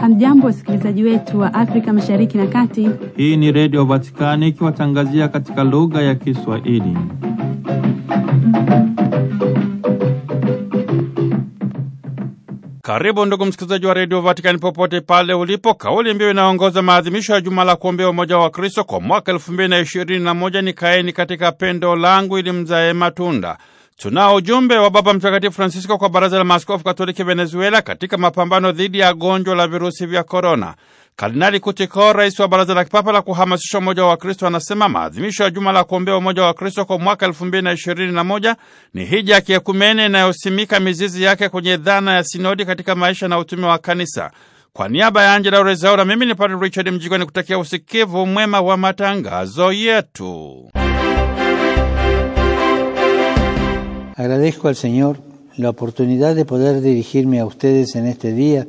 Hamjambo, wasikilizaji wetu wa Afrika Mashariki na Kati. Hii ni Redio Vatikani ikiwatangazia katika lugha ya Kiswahili. Karibu ndugu msikilizaji wa Redio Vatikani popote pale ulipo. Kauli mbiu inaongoza maadhimisho ya juma la kuombea umoja wa Kristo kwa mwaka elfu mbili na ishirini na moja ni kaeni katika pendo langu ili mzae matunda Tunao ujumbe wa Baba Mtakatifu Francisco kwa Baraza la Maaskofu Katoliki Venezuela katika mapambano dhidi ya gonjwa la virusi vya korona. Kardinali Kutiko, rais wa Baraza la Kipapa la kuhamasisha umoja wa Kristo, anasema maadhimisho ya juma la kuombea umoja wa Kristo kwa mwaka elfu mbili na ishirini na moja ni hija ya kiekumene inayosimika mizizi yake kwenye dhana ya sinodi katika maisha na utume wa Kanisa. Kwa niaba ya Angela Rezaura, mimi ni Padre Richard Mjigwa ni kutakia usikivu mwema wa matangazo yetu. Agradezco al Señor la oportunidad de poder dirigirme a ustedes en este día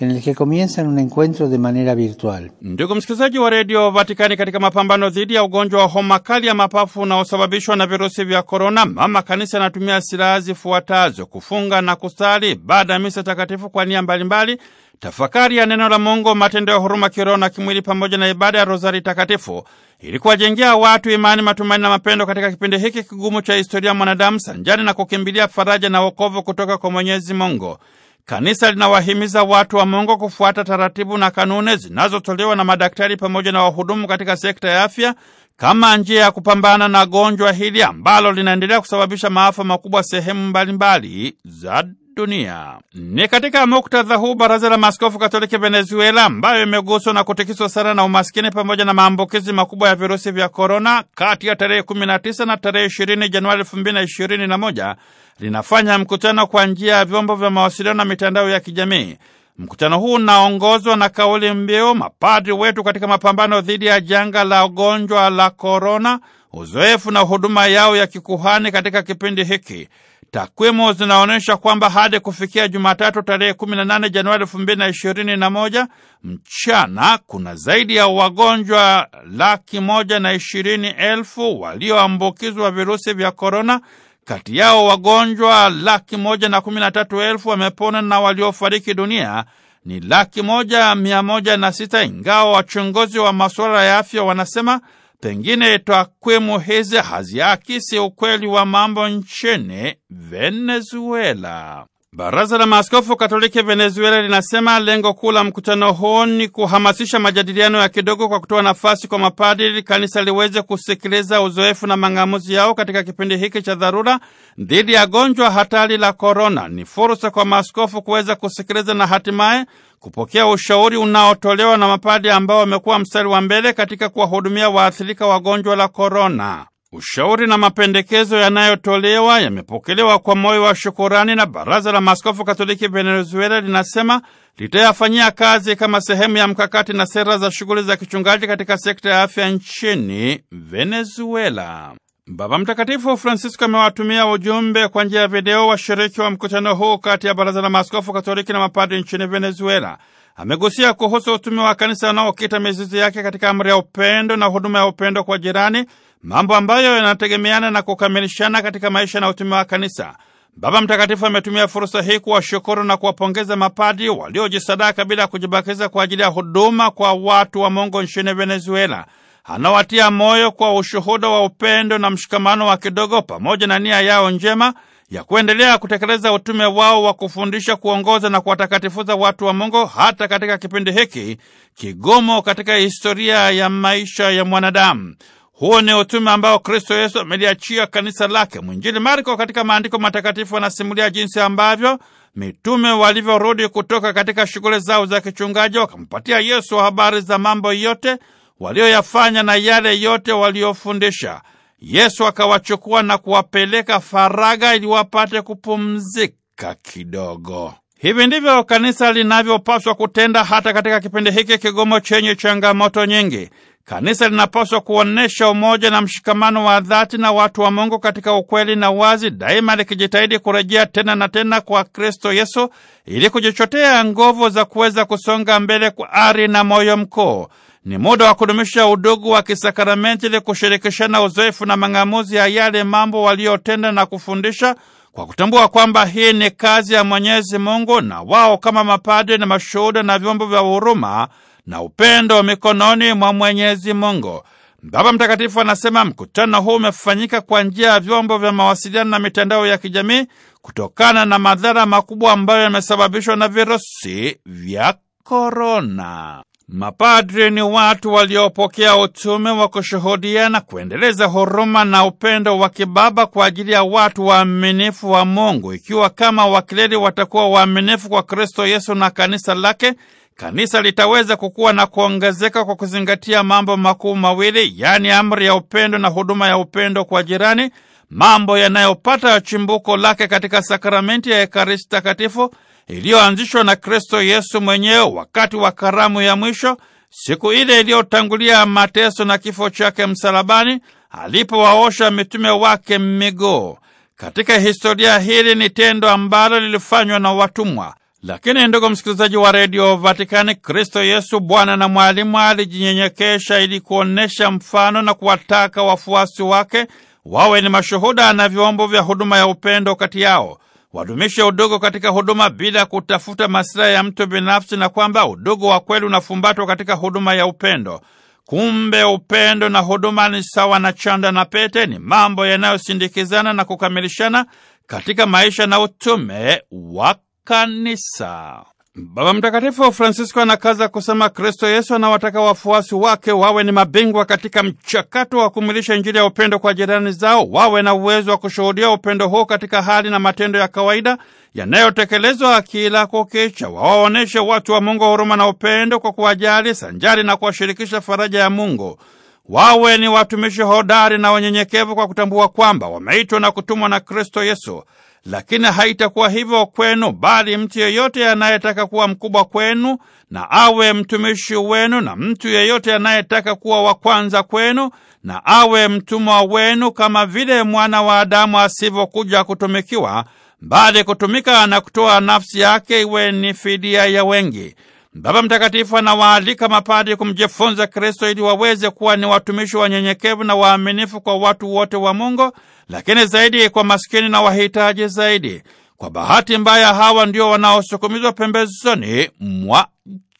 en el que comienzan un encuentro de manera virtual. Ndugu msikilizaji wa redio Vatikani, katika mapambano dhidi ya ugonjwa wa homa kali ya mapafu unaosababishwa na virusi vya korona, mama kanisa anatumia silaha zifuatazo: kufunga na kusali, baada ya misa takatifu kwa nia mbalimbali, tafakari ya neno la Mungu, matendo ya huruma kiroho na kimwili, pamoja na ibada ya rozari takatifu ili kuwajengea watu imani, matumaini na mapendo katika kipindi hiki kigumu cha historia mwanadamu, sanjani na kukimbilia faraja na wokovu kutoka kwa Mwenyezi Mungu. Kanisa linawahimiza watu wa Mungu kufuata taratibu na kanuni zinazotolewa na madaktari pamoja na wahudumu katika sekta ya afya kama njia ya kupambana na gonjwa hili ambalo linaendelea kusababisha maafa makubwa sehemu mbalimbali za dunia. Ni katika muktadha huu baraza la maaskofu katoliki Venezuela, ambayo imeguswa na kutikiswa sana na umaskini pamoja na maambukizi makubwa ya virusi vya korona, kati ya tarehe 19 na tarehe 20 Januari 2021 linafanya mkutano kwa njia ya vyombo vya mawasiliano na mitandao ya kijamii. Mkutano huu unaongozwa na kauli mbiu mapadri wetu katika mapambano dhidi ya janga la ugonjwa la korona uzoefu na huduma yao ya kikuhani katika kipindi hiki. Takwimu zinaonyesha kwamba hadi kufikia Jumatatu tarehe 18 Januari 2021 mchana, kuna zaidi ya wagonjwa laki moja na ishirini elfu walioambukizwa virusi vya korona. Kati yao wagonjwa laki moja na kumi na tatu elfu wamepona na waliofariki dunia ni laki moja mia moja na sita, ingawa wachunguzi wa masuala ya afya wanasema Pengine takwimu hizi haziakisi ukweli wa mambo nchini Venezuela. Baraza la Maaskofu Katoliki Venezuela linasema lengo kuu la mkutano huo ni kuhamasisha majadiliano ya kidogo kwa kutoa nafasi kwa mapadiri, kanisa liweze kusikiliza uzoefu na mang'amuzi yao katika kipindi hiki cha dharura dhidi ya gonjwa hatari la korona. Ni fursa kwa maaskofu kuweza kusikiliza na hatimaye kupokea ushauri unaotolewa na mapadi ambao wamekuwa mstari wa mbele katika kuwahudumia waathirika wa gonjwa la korona. Ushauri na mapendekezo yanayotolewa yamepokelewa kwa moyo wa shukurani na Baraza la Maaskofu Katoliki Venezuela linasema litayafanyia kazi kama sehemu ya mkakati na sera za shughuli za kichungaji katika sekta ya afya nchini Venezuela. Baba Mtakatifu Francisco amewatumia ujumbe kwa njia ya video washiriki wa mkutano huu kati ya Baraza la Maaskofu Katoliki na mapadri nchini Venezuela. Amegusia kuhusu utume wa kanisa unaokita mizizi yake katika amri ya upendo na huduma ya upendo kwa jirani mambo ambayo yanategemeana na kukamilishana katika maisha na utume wa kanisa. Baba Mtakatifu ametumia fursa hii kuwashukuru na kuwapongeza mapadi waliojisadaka bila kujibakiza kwa ajili ya huduma kwa watu wa Mungu nchini Venezuela. Anawatia moyo kwa ushuhuda wa upendo na mshikamano wa kidogo pamoja na nia yao njema ya kuendelea kutekeleza utume wao wa kufundisha, kuongoza na kuwatakatifuza watu wa Mungu hata katika kipindi hiki kigumu katika historia ya maisha ya mwanadamu huo ni utume ambao Kristo Yesu ameliachia kanisa lake. Mwinjili Marko katika maandiko matakatifu anasimulia jinsi ambavyo mitume walivyorudi kutoka katika shughuli zao za kichungaji, wakampatia Yesu habari za mambo yote walioyafanya na yale yote waliofundisha. Yesu akawachukua na kuwapeleka faraga ili wapate kupumzika kidogo. Hivi ndivyo kanisa linavyopaswa kutenda hata katika kipindi hiki kigumu chenye changamoto nyingi. Kanisa linapaswa kuonyesha umoja na mshikamano wa dhati na watu wa Mungu katika ukweli na wazi, daima likijitahidi kurejea tena na tena kwa Kristo Yesu ili kujichotea nguvu za kuweza kusonga mbele kwa ari na moyo mkuu. Ni muda wa kudumisha udugu wa kisakramenti ili kushirikishana uzoefu na mang'amuzi ya yale mambo waliotenda na kufundisha kwa kutambua kwamba hii ni kazi ya Mwenyezi Mungu na wao kama mapadre na mashuhuda na vyombo vya huruma na upendo mikononi mwa Mwenyezi Mungu. Baba Mtakatifu anasema mkutano huu umefanyika kwa njia ya vyombo vya mawasiliano na mitandao ya kijamii kutokana na madhara makubwa ambayo yamesababishwa na virusi vya korona. Mapadri ni watu waliopokea utume wa kushuhudia na kuendeleza huruma na upendo wa kibaba kwa ajili ya watu waaminifu wa Mungu. Ikiwa kama wakileli watakuwa waaminifu kwa Kristo Yesu na kanisa lake kanisa litaweza kukua na kuongezeka kwa kuzingatia mambo makuu mawili, yaani amri ya upendo na huduma ya upendo kwa jirani, mambo yanayopata chimbuko lake katika sakramenti ya Ekaristi Takatifu iliyoanzishwa na Kristo Yesu mwenyewe wakati wa karamu ya mwisho, siku ile iliyotangulia mateso na kifo chake msalabani, alipowaosha mitume wake miguu. Katika historia, hili ni tendo ambalo lilifanywa na watumwa. Lakini ndugu msikilizaji wa redio Vatikani, Kristo Yesu Bwana na mwalimu alijinyenyekesha ili kuonyesha mfano na kuwataka wafuasi wake wawe ni mashuhuda na vyombo vya huduma ya upendo kati yao, wadumishe udugu katika huduma bila kutafuta masilahi ya mtu binafsi, na kwamba udugu wa kweli unafumbatwa katika huduma ya upendo. Kumbe upendo na huduma ni sawa na chanda na pete, ni mambo yanayosindikizana na kukamilishana katika maisha na utume wa kanisa. Baba Mtakatifu Francisco anakaza kusema Kristo Yesu anawataka wafuasi wake wawe ni mabingwa katika mchakato wa kumwilisha Injili ya upendo kwa jirani zao, wawe na uwezo wa kushuhudia upendo huo katika hali na matendo ya kawaida yanayotekelezwa kila kukicha. Wawaonyeshe watu wa Mungu huruma na upendo kwa kuwajali sanjari na kuwashirikisha faraja ya Mungu. Wawe ni watumishi hodari na wanyenyekevu kwa kutambua kwamba wameitwa na kutumwa na Kristo Yesu lakini haitakuwa hivyo kwenu, bali mtu yeyote anayetaka kuwa mkubwa kwenu na awe mtumishi wenu, na mtu yeyote anayetaka kuwa wa kwanza kwenu na awe mtumwa wenu, kama vile mwana wa Adamu asivyokuja kutumikiwa, bali kutumika na kutoa nafsi yake iwe ni fidia ya wengi. Baba Mtakatifu anawaalika mapadi kumjifunza Kristo ili waweze kuwa ni watumishi wanyenyekevu na waaminifu kwa watu wote wa Mungu, lakini zaidi kwa maskini na wahitaji zaidi. Kwa bahati mbaya, hawa ndio wanaosukumizwa pembezoni mwa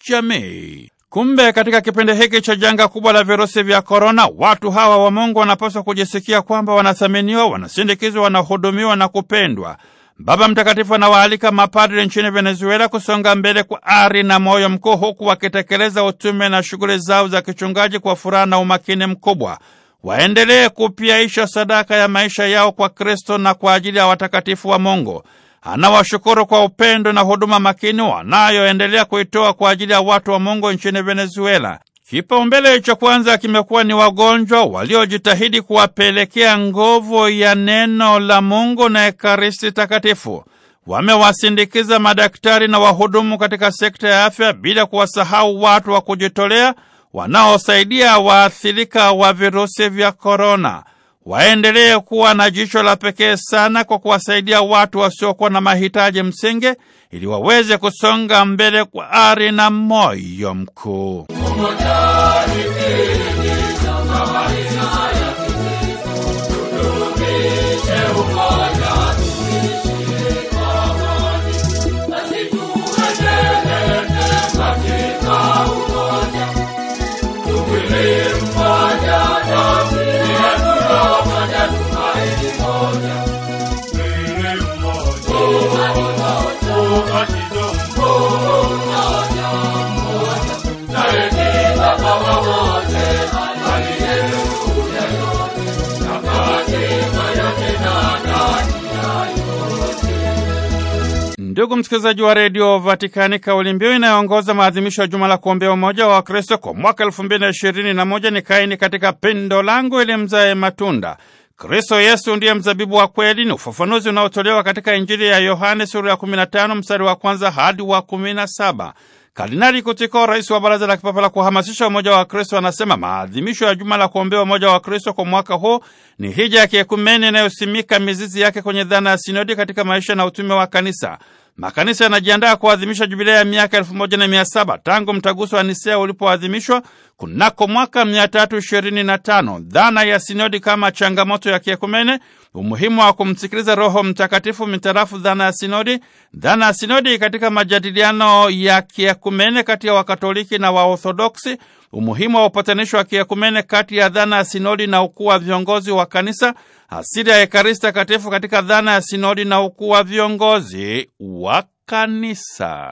jamii. Kumbe katika kipindi hiki cha janga kubwa la virusi vya korona, watu hawa wa Mungu wanapaswa kujisikia kwamba wanathaminiwa, wanasindikizwa, wanahudumiwa na kupendwa. Baba Mtakatifu anawaalika mapadre nchini Venezuela kusonga mbele kwa ari na moyo mkuu, huku wakitekeleza utume na shughuli zao za kichungaji kwa furaha na umakini mkubwa. Waendelee kupiaisha sadaka ya maisha yao kwa Kristo na kwa ajili ya watakatifu wa Mungu. Anawashukuru kwa upendo na huduma makini wanayoendelea kuitoa kwa ajili ya watu wa Mungu nchini Venezuela. Kipaumbele cha kwanza kimekuwa ni wagonjwa waliojitahidi kuwapelekea nguvu ya neno la Mungu na Ekaristi Takatifu. Wamewasindikiza madaktari na wahudumu katika sekta ya afya, bila kuwasahau watu wa kujitolea wanaosaidia waathirika wa virusi vya korona. Waendelee kuwa na jicho la pekee sana kwa kuwasaidia watu wasiokuwa na mahitaji msingi, ili waweze kusonga mbele kwa ari na moyo mkuu. Yeah. Ndugu msikilizaji wa redio Vatikani, kauli mbiu inayoongoza maadhimisho ya juma la kuombea umoja wa Wakristo kwa mwaka elfu mbili na ishirini na moja ni kaini katika pendo langu ili mzae matunda. Kristo Yesu ndiye mzabibu wa kweli, ni ufafanuzi unaotolewa katika Injili ya Yohane sura ya 15 mstari wa kwanza hadi wa 17. Kardinali Kutiko, rais wa Baraza la Kipapa la kuhamasisha umoja wa Kristo, anasema maadhimisho ya juma la kuombea umoja wa Kristo kwa mwaka huu ni hija ya kiekumene inayosimika mizizi yake kwenye dhana ya sinodi katika maisha na utume wa Kanisa makanisa yanajiandaa kuadhimisha jubilea ya miaka elfu moja na mia saba tangu mtaguso wa Nisea ulipoadhimishwa kunako mwaka mia tatu ishirini na tano. Dhana ya sinodi kama changamoto ya kiekumene, umuhimu wa kumsikiliza Roho Mtakatifu mitarafu dhana ya sinodi, dhana ya sinodi katika majadiliano ya kiekumene kati ya Wakatoliki na Waorthodoksi, umuhimu wa upatanisho wa kiekumene kati ya dhana ya sinodi na ukuu wa viongozi wa kanisa asili ya Ekaristi Takatifu katika dhana ya sinodi na ukuu wa viongozi wa Kanisa.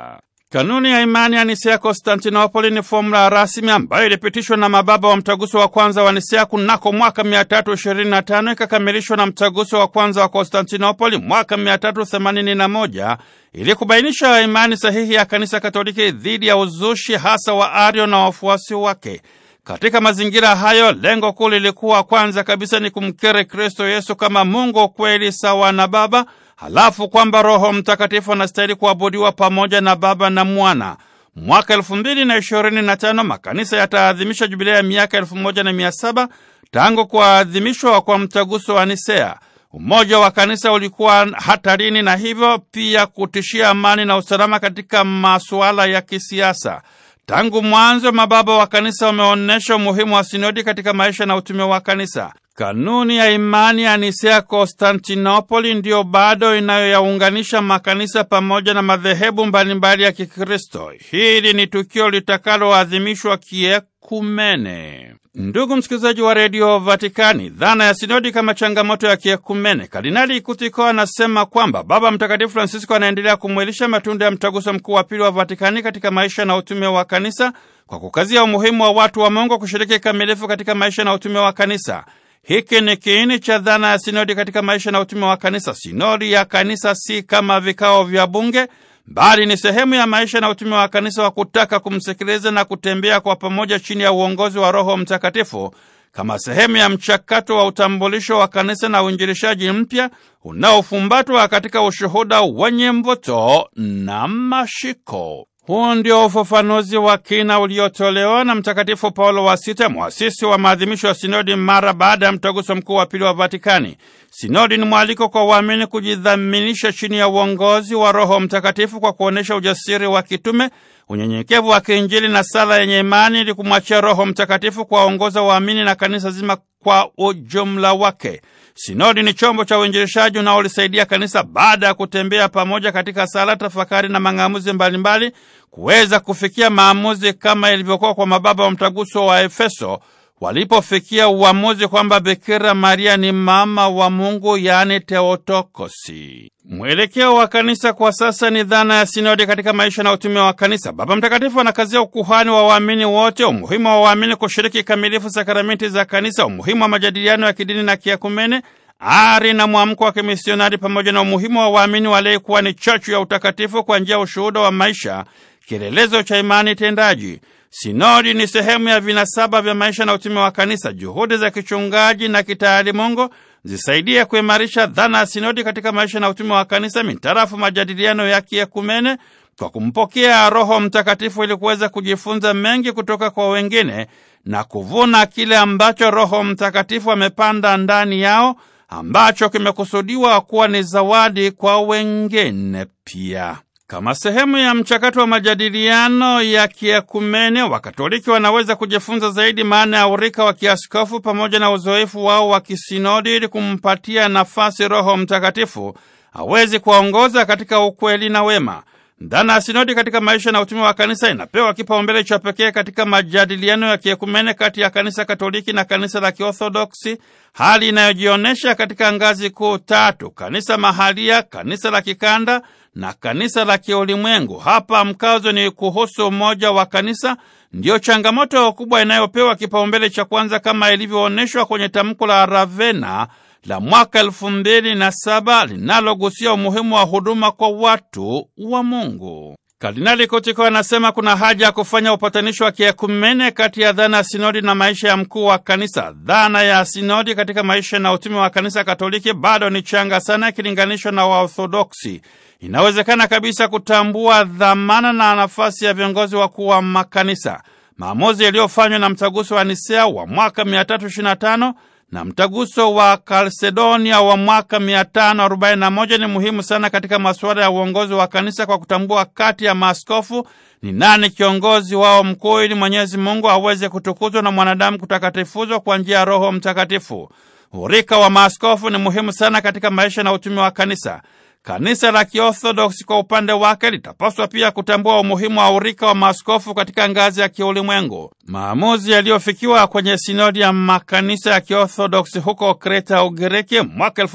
Kanuni ya imani ya Nisea Konstantinopoli ni fomula rasmi ambayo ilipitishwa na mababa wa mtaguso wa kwanza wa Nisea kunako mwaka 325 ikakamilishwa na mtaguso wa kwanza wa Konstantinopoli mwaka 381 ili kubainisha imani sahihi ya Kanisa Katoliki dhidi ya uzushi hasa wa Ario na wafuasi wake. Katika mazingira hayo, lengo kuu lilikuwa kwanza kabisa ni kumkiri Kristo Yesu kama Mungu kweli sawa na Baba, halafu kwamba Roho Mtakatifu anastahili kuabudiwa pamoja na Baba na Mwana. Mwaka elfu mbili na ishirini na tano makanisa yataadhimisha jubilia ya miaka elfu moja na mia saba tangu kuadhimishwa kwa mtaguso wa Nisea. Umoja wa kanisa ulikuwa hatarini na hivyo pia kutishia amani na usalama katika masuala ya kisiasa. Tangu mwanzo mababa wa kanisa wameonyesha umuhimu wa sinodi katika maisha na utume wa kanisa. Kanuni ya imani ya Nisea Konstantinopoli ndiyo bado inayoyaunganisha makanisa pamoja na madhehebu mbalimbali ya Kikristo. Hili ni tukio litakaloadhimishwa kiekumene. Ndugu msikilizaji wa redio Vatikani, dhana ya sinodi kama changamoto ya kiekumene, Kardinali Ikutiko anasema kwamba Baba Mtakatifu Francisco anaendelea kumwilisha matunda ya mtaguso mkuu wa pili wa Vatikani katika maisha na utume wa kanisa kwa kukazia umuhimu wa watu wa Mungu kushiriki kikamilifu katika maisha na utume wa kanisa. Hiki ni kiini cha dhana ya sinodi katika maisha na utume wa kanisa. Sinodi ya kanisa si kama vikao vya bunge bali ni sehemu ya maisha na utume wa kanisa wa kutaka kumsikiliza na kutembea kwa pamoja chini ya uongozi wa Roho Mtakatifu kama sehemu ya mchakato wa utambulisho wa kanisa na uinjilishaji mpya unaofumbatwa katika ushuhuda wenye mvuto na mashiko. Huu ndio ufafanuzi wa kina uliotolewa na Mtakatifu Paulo wa Sita, mwasisi wa maadhimisho ya sinodi, mara baada ya mtaguso mkuu wa pili wa Vatikani. Sinodi ni mwaliko kwa waamini kujidhaminisha chini ya uongozi wa Roho Mtakatifu kwa kuonyesha ujasiri wa kitume, unyenyekevu wa kiinjili na sala yenye imani, ili kumwachia Roho Mtakatifu kuwaongoza waamini na kanisa zima kwa ujumla wake. Sinodi ni chombo cha uinjilishaji unaolisaidia kanisa baada ya kutembea pamoja katika sala, tafakari na mang'amuzi mbalimbali kuweza kufikia maamuzi kama ilivyokuwa kwa mababa wa mtaguso wa Efeso walipofikia uamuzi kwamba Bikira Maria ni mama wa Mungu, yaani Teotokosi. Mwelekeo wa kanisa kwa sasa ni dhana ya sinodi katika maisha na utume wa kanisa. Baba Mtakatifu anakazia ukuhani wa waamini wote, umuhimu wa waamini kushiriki kikamilifu sakramenti za kanisa, umuhimu wa majadiliano ya kidini na kiakumene, ari na mwamko wa kimisionari, pamoja na umuhimu wa waamini kuwa ni chachu ya utakatifu kwa njia ya ushuhuda wa maisha, kielelezo cha imani tendaji. Sinodi ni sehemu ya vinasaba vya maisha na utume wa kanisa. Juhudi za kichungaji na kitaalimungu zisaidie kuimarisha dhana ya sinodi katika maisha na utume wa kanisa mitarafu majadiliano ya kiekumene kwa kumpokea Roho Mtakatifu ili kuweza kujifunza mengi kutoka kwa wengine na kuvuna kile ambacho Roho Mtakatifu amepanda ndani yao ambacho kimekusudiwa kuwa ni zawadi kwa wengine pia. Kama sehemu ya mchakato wa majadiliano ya kiekumene, Wakatoliki wanaweza kujifunza zaidi maana ya urika wa kiaskofu pamoja na uzoefu wao wa kisinodi ili kumpatia nafasi Roho Mtakatifu aweze kuwaongoza katika ukweli na wema. Dhana ya sinodi katika maisha na utume wa kanisa inapewa kipaumbele cha pekee katika majadiliano ya kiekumene kati ya kanisa Katoliki na kanisa la Kiorthodoksi, hali inayojionyesha katika ngazi kuu tatu: kanisa mahalia, kanisa la kikanda na kanisa la kiulimwengu. Hapa mkazo ni kuhusu umoja wa kanisa, ndiyo changamoto kubwa inayopewa kipaumbele cha kwanza, kama ilivyoonyeshwa kwenye tamko la Ravena la mwaka elfu mbili na saba linalogusia umuhimu wa huduma kwa watu wa Mungu. Kardinali Kutiko anasema kuna haja ya kufanya upatanisho wa kiekumene kati ya dhana ya sinodi na maisha ya mkuu wa kanisa. Dhana ya sinodi katika maisha na utumi wa kanisa Katoliki bado ni changa sana ikilinganishwa na Waorthodoksi. Inawezekana kabisa kutambua dhamana na nafasi ya viongozi wakuu wa makanisa. Maamuzi yaliyofanywa na mtaguso wa Nisea wa mwaka 325 na mtaguso wa Kalsedonia wa mwaka 541 ni muhimu sana katika masuala ya uongozi wa kanisa kwa kutambua kati ya maaskofu ni nani kiongozi wao mkuu, ili Mwenyezi Mungu aweze kutukuzwa na mwanadamu kutakatifuzwa kwa njia ya Roho Mtakatifu. Urika wa maaskofu ni muhimu sana katika maisha na utumi wa kanisa. Kanisa la Kiorthodoksi kwa upande wake litapaswa pia kutambua umuhimu wa urika wa maaskofu katika ngazi ya kiulimwengu. Maamuzi yaliyofikiwa kwenye sinodi ya makanisa ya Kiorthodoksi huko Kreta, Ugiriki, mwaka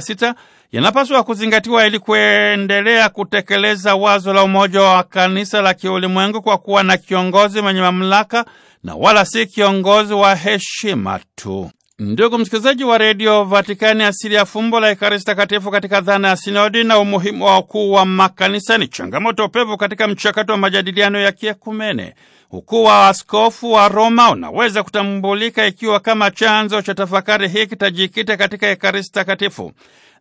sita yanapaswa kuzingatiwa ili kuendelea kutekeleza wazo la umoja wa kanisa la kiulimwengu kwa kuwa na kiongozi mwenye mamlaka na wala si kiongozi wa heshima tu. Ndugu msikilizaji wa redio Vatikani, asili ya fumbo la Ekaristi Takatifu katika dhana ya sinodi na umuhimu wa ukuu wa makanisa ni changamoto pevu katika mchakato wa majadiliano ya kiekumene. Ukuu wa askofu wa Roma unaweza kutambulika ikiwa kama chanzo cha tafakari hii kitajikita katika Ekaristi Takatifu.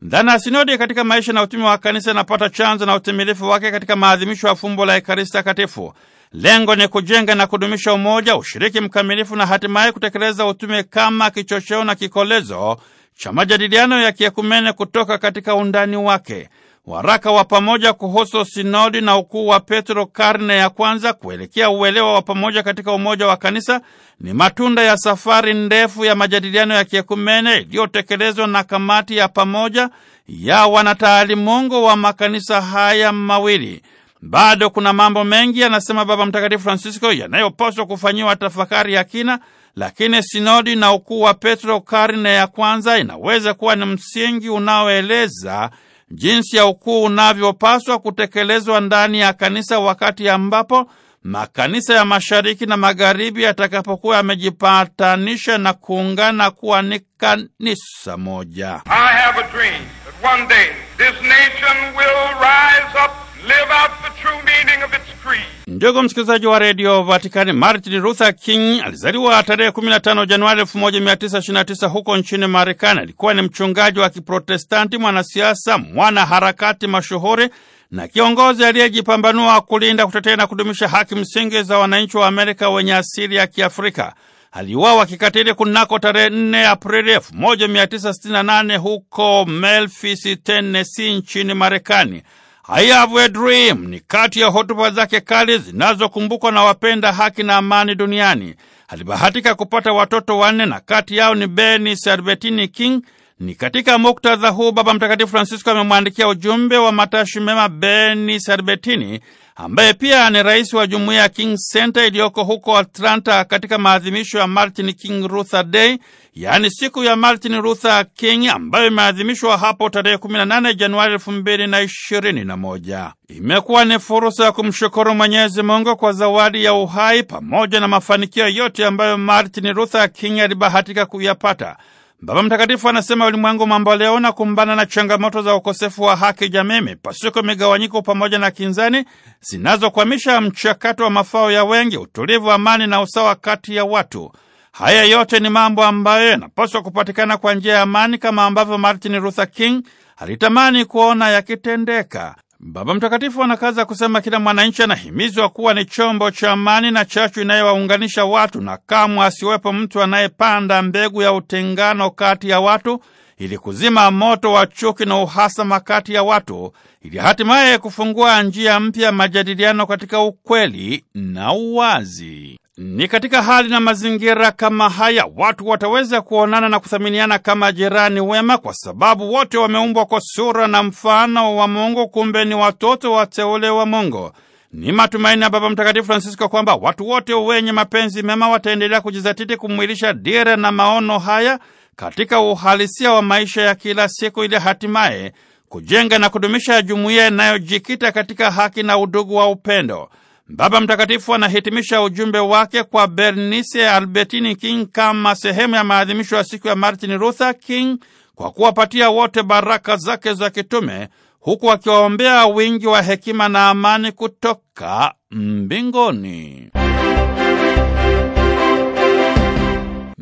Dhana ya sinodi katika maisha na utumi wa kanisa inapata chanzo na utimilifu wake katika maadhimisho ya fumbo la Ekaristi Takatifu. Lengo ni kujenga na kudumisha umoja, ushiriki mkamilifu na hatimaye kutekeleza utume kama kichocheo na kikolezo cha majadiliano ya kiekumene kutoka katika undani wake. Waraka wa pamoja kuhusu sinodi na ukuu wa Petro karne ya kwanza kuelekea uelewa wa pamoja katika umoja wa kanisa ni matunda ya safari ndefu ya majadiliano ya kiekumene iliyotekelezwa na kamati ya pamoja ya wanataalimungu wa makanisa haya mawili. Bado kuna mambo mengi, anasema Baba Mtakatifu Francisco, yanayopaswa kufanyiwa tafakari ya kina, lakini sinodi na ukuu wa Petro karne ya kwanza inaweza kuwa ni msingi unaoeleza jinsi ya ukuu unavyopaswa kutekelezwa ndani ya kanisa wakati ambapo makanisa ya mashariki na magharibi yatakapokuwa yamejipatanisha na kuungana kuwa ni kanisa moja. I have a dream that one day this nation will rise up live out the true meaning of its creed. Ndugu msikilizaji wa redio Vatikani, Martin Luther King alizaliwa tarehe 15 Januari 1929 huko nchini Marekani. Alikuwa ni mchungaji wa Kiprotestanti, mwanasiasa, mwana harakati mashuhuri na kiongozi aliyejipambanua kulinda, kutetea na kudumisha haki msingi za wananchi wa Amerika wenye asili ya Kiafrika. Aliuawa kikatili kunako tarehe 4 Aprili 1968 huko Memphis, Tennessee nchini Marekani. I have a dream ni kati ya hotuba zake kali zinazokumbukwa na wapenda haki na amani duniani. Alibahatika kupata watoto wanne na kati yao ni Beni Servetini King. Ni katika muktadha huu Baba Mtakatifu Francisco amemwandikia ujumbe wa matashi mema Beni Servetini ambaye pia ni rais wa jumuiya ya King Center iliyoko huko Atlanta katika maadhimisho ya Martin King Luther Day, yaani siku ya Martin Luther King ambayo imeadhimishwa hapo tarehe 18 Januari 2021. Imekuwa ni fursa ya kumshukuru Mwenyezi Mungu kwa zawadi ya uhai pamoja na mafanikio yote ambayo Martin Luther King alibahatika kuyapata. Baba Mtakatifu anasema ulimwengu mambo leo na kumbana na changamoto za ukosefu wa haki jamii, mipasuko, migawanyiko pamoja na kinzani zinazokwamisha mchakato wa mafao ya wengi, utulivu, amani na usawa kati ya watu. Haya yote ni mambo ambayo yanapaswa kupatikana kwa njia ya amani, kama ambavyo Martin Luther King alitamani kuona yakitendeka. Baba Mtakatifu anakaza kusema kila mwananchi anahimizwa kuwa ni chombo cha amani na chachu inayowaunganisha watu, na kamwe asiwepo mtu anayepanda mbegu ya utengano kati ya watu ili kuzima moto wa chuki na uhasama kati ya watu, ili hatimaye kufungua njia mpya majadiliano katika ukweli na uwazi. Ni katika hali na mazingira kama haya watu wataweza kuonana na kuthaminiana kama jirani wema, kwa sababu wote wameumbwa kwa sura na mfano wa Mungu. Kumbe ni watoto wateule wa Mungu. Ni matumaini ya Baba Mtakatifu Francisco kwamba watu wote wenye mapenzi mema wataendelea kujizatiti kumwilisha dira na maono haya katika uhalisia wa maisha ya kila siku, ili hatimaye kujenga na kudumisha jumuiya inayojikita katika haki na udugu wa upendo. Baba Mtakatifu anahitimisha ujumbe wake kwa Bernice Albertini King kama sehemu ya maadhimisho ya siku ya Martin Luther King kwa kuwapatia wote baraka zake za kitume huku akiwaombea wingi wa hekima na amani kutoka mbingoni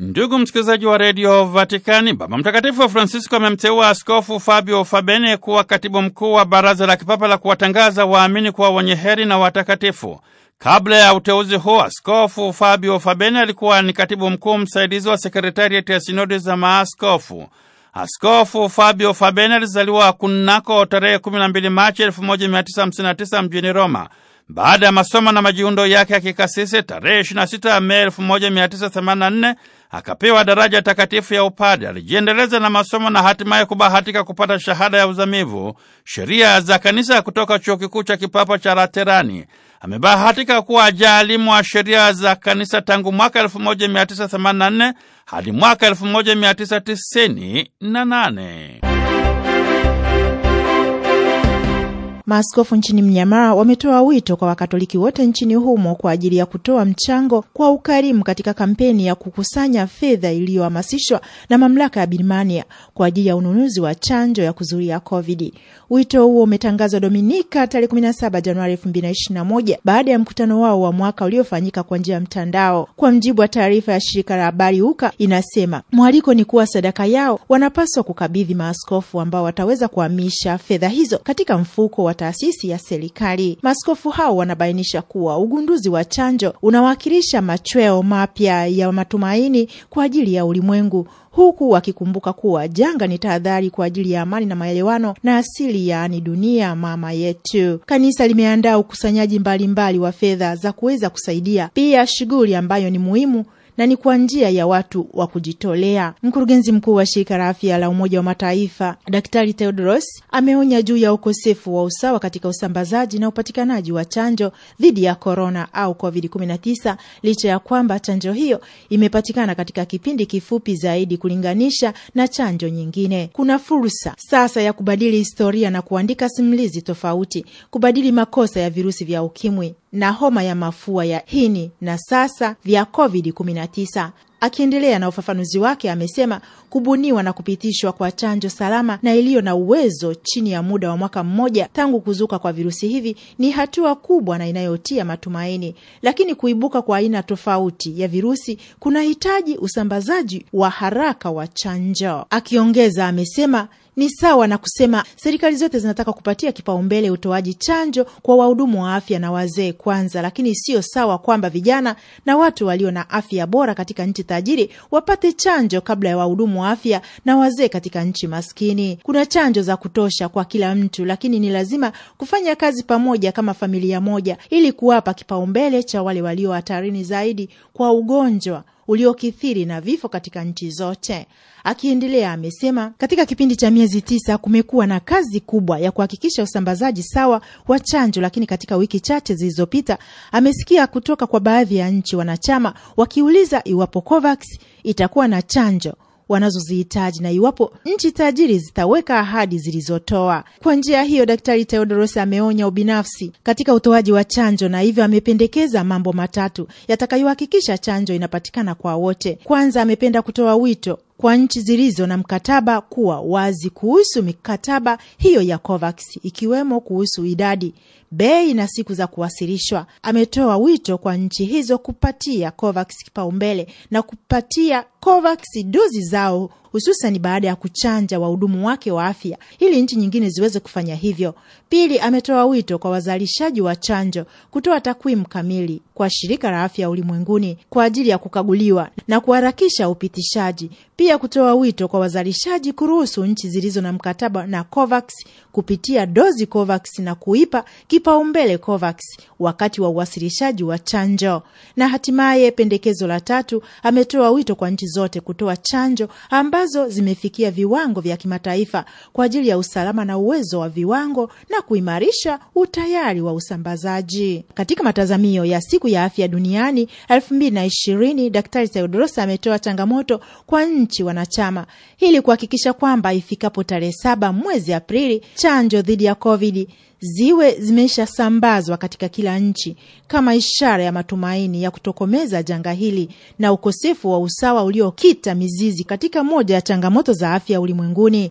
Ndugu msikilizaji wa redio Vatikani, Baba Mtakatifu Francisco amemteua Askofu Fabio Fabene kuwa katibu mkuu wa baraza la kipapa la kuwatangaza waamini kuwa wenye heri na watakatifu. Kabla ya uteuzi huo, Askofu Fabio Fabene alikuwa ni katibu mkuu msaidizi wa sekretarieti ya sinodi za maaskofu. Askofu Fabio Fabene alizaliwa kunako tarehe 12 Machi 1959 mjini Roma. Baada ya masomo na majiundo yake ya kikasisi, tarehe 26 Mei 1984 akapewa daraja takatifu ya upadre. Alijiendeleza na masomo na hatimaye kubahatika kupata shahada ya uzamivu sheria za kanisa kutoka chuo kikuu cha kipapa cha Laterani. Amebahatika kuwa jaalimu wa sheria za kanisa tangu mwaka 1984 hadi mwaka 1998. Maaskofu nchini Myanmar wametoa wito kwa Wakatoliki wote nchini humo kwa ajili ya kutoa mchango kwa ukarimu katika kampeni ya kukusanya fedha iliyohamasishwa na mamlaka ya Birmania kwa ajili ya ununuzi wa chanjo ya kuzuia COVID. Wito huo umetangazwa Dominika tarehe 17 Januari 2021 baada ya mkutano wao wa mwaka uliofanyika kwa njia ya mtandao. Kwa mjibu wa taarifa ya shirika la habari UKA inasema mwaliko ni kuwa sadaka yao wanapaswa kukabidhi maaskofu ambao wataweza kuhamisha fedha hizo katika mfuko wa wa taasisi ya serikali. Maaskofu hao wanabainisha kuwa ugunduzi wa chanjo unawakilisha machweo mapya ya matumaini kwa ajili ya ulimwengu huku wakikumbuka kuwa janga ni tahadhari kwa ajili ya amani na maelewano na asili, yaani dunia mama yetu. Kanisa limeandaa ukusanyaji mbalimbali wa fedha za kuweza kusaidia pia shughuli ambayo ni muhimu na ni kwa njia ya watu wa kujitolea. Mkurugenzi mkuu wa shirika la afya la Umoja wa Mataifa Daktari Tedros ameonya juu ya ukosefu wa usawa katika usambazaji na upatikanaji wa chanjo dhidi ya korona au COVID-19 licha ya kwamba chanjo hiyo imepatikana katika kipindi kifupi zaidi kulinganisha na chanjo nyingine. Kuna fursa sasa ya kubadili historia na kuandika simulizi tofauti, kubadili makosa ya virusi vya ukimwi na homa ya mafua ya hini na sasa vya COVID-19. Akiendelea na ufafanuzi wake, amesema kubuniwa na kupitishwa kwa chanjo salama na iliyo na uwezo chini ya muda wa mwaka mmoja tangu kuzuka kwa virusi hivi ni hatua kubwa na inayotia matumaini, lakini kuibuka kwa aina tofauti ya virusi kunahitaji usambazaji wa haraka wa chanjo. Akiongeza amesema ni sawa na kusema serikali zote zinataka kupatia kipaumbele utoaji chanjo kwa wahudumu wa afya na wazee kwanza, lakini siyo sawa kwamba vijana na watu walio na afya bora katika nchi tajiri wapate chanjo kabla ya wahudumu wa afya na wazee katika nchi maskini. Kuna chanjo za kutosha kwa kila mtu, lakini ni lazima kufanya kazi pamoja kama familia moja ili kuwapa kipaumbele cha wale walio hatarini zaidi kwa ugonjwa uliokithiri na vifo katika nchi zote. Akiendelea amesema katika kipindi cha miezi tisa kumekuwa na kazi kubwa ya kuhakikisha usambazaji sawa wa chanjo, lakini katika wiki chache zilizopita amesikia kutoka kwa baadhi ya nchi wanachama wakiuliza iwapo COVAX itakuwa na chanjo wanazozihitaji na iwapo nchi tajiri zitaweka ahadi zilizotoa. Kwa njia hiyo, Daktari Teodoros ameonya ubinafsi katika utoaji wa chanjo na hivyo amependekeza mambo matatu yatakayohakikisha chanjo inapatikana kwa wote. Kwanza, amependa kutoa wito kwa nchi zilizo na mkataba kuwa wazi kuhusu mikataba hiyo ya COVAX ikiwemo kuhusu idadi, bei na siku za kuwasilishwa. Ametoa wito kwa nchi hizo kupatia COVAX kipaumbele na kupatia COVAX dozi zao hususan baada ya kuchanja wahudumu wake wa afya ili nchi nyingine ziweze kufanya hivyo. Pili, ametoa wito kwa wazalishaji wa chanjo kutoa takwimu kamili kwa Shirika la Afya Ulimwenguni kwa ajili ya kukaguliwa na kuharakisha upitishaji. Pia kutoa wito kwa wazalishaji kuruhusu nchi zilizo na mkataba na COVAX kupitia dozi COVAX na kuipa kipaumbele COVAX wakati wa uwasilishaji wa chanjo. Na hatimaye pendekezo la tatu, ametoa wito kwa nchi zote kutoa chanjo ambazo zimefikia viwango vya kimataifa kwa ajili ya usalama na uwezo wa viwango na kuimarisha utayari wa usambazaji. Katika matazamio ya siku ya afya duniani 2020, Daktari Tedros ametoa changamoto kwa nchi wanachama ili kuhakikisha kwamba ifikapo tarehe saba mwezi Aprili chanjo dhidi ya COVID ziwe zimeshasambazwa katika kila nchi kama ishara ya matumaini ya kutokomeza janga hili na ukosefu wa usawa uliokita mizizi katika moja ya changamoto za afya ulimwenguni.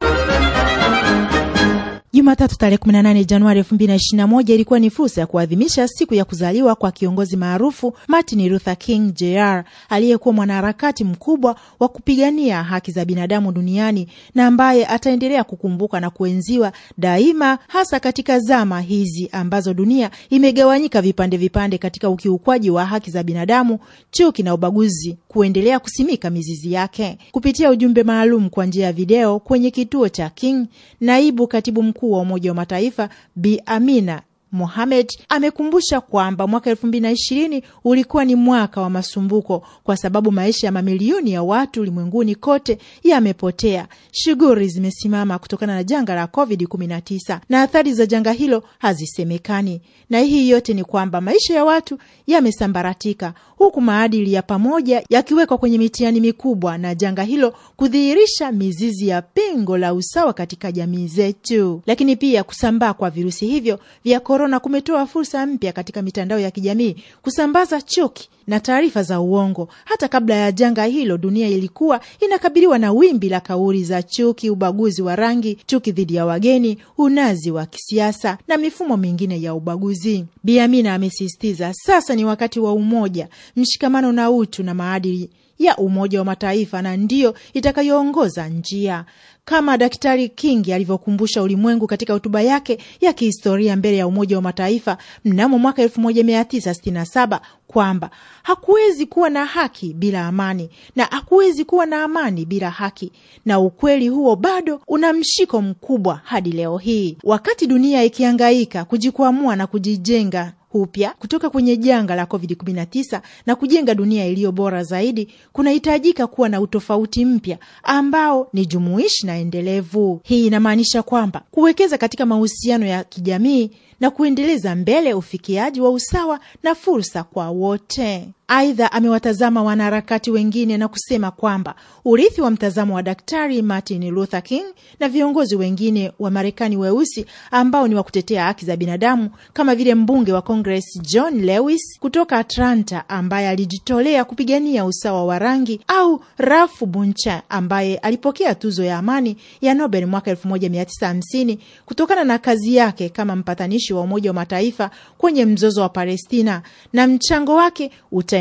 Jumatatu tarehe 18 Januari 2021 ilikuwa ni fursa ya kuadhimisha siku ya kuzaliwa kwa kiongozi maarufu Martin Luther King Jr aliyekuwa mwanaharakati mkubwa wa kupigania haki za binadamu duniani na ambaye ataendelea kukumbuka na kuenziwa daima, hasa katika zama hizi ambazo dunia imegawanyika vipande vipande katika ukiukwaji wa haki za binadamu, chuki na ubaguzi kuendelea kusimika mizizi yake. Kupitia ujumbe maalum kwa njia ya video kwenye kituo cha King, naibu katibu mkuu mkuu wa Umoja wa Mataifa Bi Amina Mohamed amekumbusha kwamba mwaka elfu mbili na ishirini ulikuwa ni mwaka wa masumbuko kwa sababu maisha ya mamilioni ya watu ulimwenguni kote yamepotea. Shughuli zimesimama kutokana na janga la Covid 19 na athari za janga hilo hazisemekani, na hii yote ni kwamba maisha ya watu yamesambaratika, huku maadili ya pamoja yakiwekwa kwenye mitihani mikubwa na janga hilo kudhihirisha mizizi ya pengo la usawa katika jamii zetu, lakini pia kusambaa kwa virusi hivyo vya korona kumetoa fursa mpya katika mitandao ya kijamii kusambaza chuki na taarifa za uongo. Hata kabla ya janga hilo, dunia ilikuwa inakabiliwa na wimbi la kauli za chuki, ubaguzi wa rangi, chuki dhidi ya wageni, unazi wa kisiasa na mifumo mingine ya ubaguzi. Bi Amina amesisitiza sasa ni wakati wa umoja, mshikamano na utu na maadili ya Umoja wa Mataifa na ndiyo itakayoongoza njia, kama Daktari King alivyokumbusha ulimwengu katika hotuba yake ya kihistoria mbele ya Umoja wa Mataifa mnamo mwaka 1967 kwamba hakuwezi kuwa na haki bila amani na hakuwezi kuwa na amani bila haki, na ukweli huo bado una mshiko mkubwa hadi leo hii, wakati dunia ikiangaika kujikwamua na kujijenga upya kutoka kwenye janga la COVID-19 na kujenga dunia iliyo bora zaidi, kunahitajika kuwa na utofauti mpya ambao ni jumuishi na endelevu. Hii inamaanisha kwamba kuwekeza katika mahusiano ya kijamii na kuendeleza mbele ufikiaji wa usawa na fursa kwa wote. Aidha, amewatazama wanaharakati wengine na kusema kwamba urithi wa mtazamo wa Daktari Martin Luther King na viongozi wengine wa Marekani weusi ambao ni wa kutetea haki za binadamu kama vile mbunge wa Congress John Lewis kutoka Atlanta ambaye alijitolea kupigania usawa wa rangi au Ralph Bunche ambaye alipokea tuzo ya amani ya Nobel mwaka 1950 kutokana na kazi yake kama mpatanishi wa Umoja wa Mataifa kwenye mzozo wa Palestina na mchango wake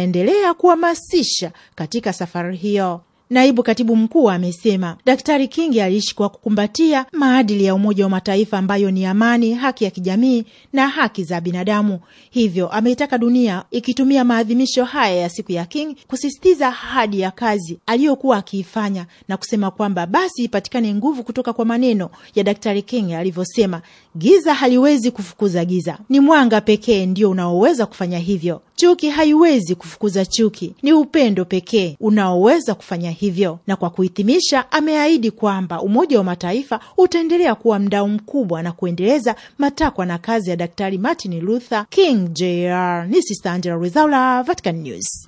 tutaendelea kuhamasisha katika safari hiyo. Naibu katibu mkuu amesema Daktari Kingi aliishi kwa kukumbatia maadili ya Umoja wa Mataifa ambayo ni amani, haki ya kijamii na haki za binadamu. Hivyo ameitaka dunia ikitumia maadhimisho haya ya siku ya King kusisitiza hadi ya kazi aliyokuwa akiifanya na kusema kwamba basi ipatikane nguvu kutoka kwa maneno ya Daktari King alivyosema, giza haliwezi kufukuza giza, ni mwanga pekee ndio unaoweza kufanya hivyo. Chuki haiwezi kufukuza chuki, ni upendo pekee unaoweza kufanya hivyo. Na kwa kuhitimisha, ameahidi kwamba Umoja wa Mataifa utaendelea kuwa mdau mkubwa na kuendeleza matakwa na kazi ya Daktari Martin Luther King Jr. Ni Sista Angela Rezaula, Vatican News.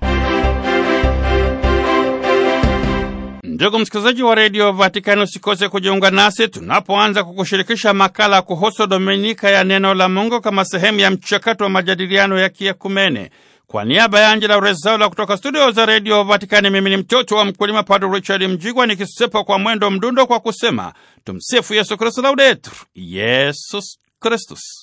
Ndugu msikilizaji wa redio Vatikani, usikose kujiunga nasi tunapoanza kukushirikisha makala kuhusu Dominika ya neno la Mungu kama sehemu ya mchakato wa majadiliano ya kiekumene. Kwa niaba ya Angela Rezaula kutoka studio za redio Vatikani, mimi ni mtoto wa mkulima Padre Richard Mjigwa nikisepa kwa mwendo mdundo kwa kusema tumsifu Yesu Kristu, laudetur Yesus Kristus.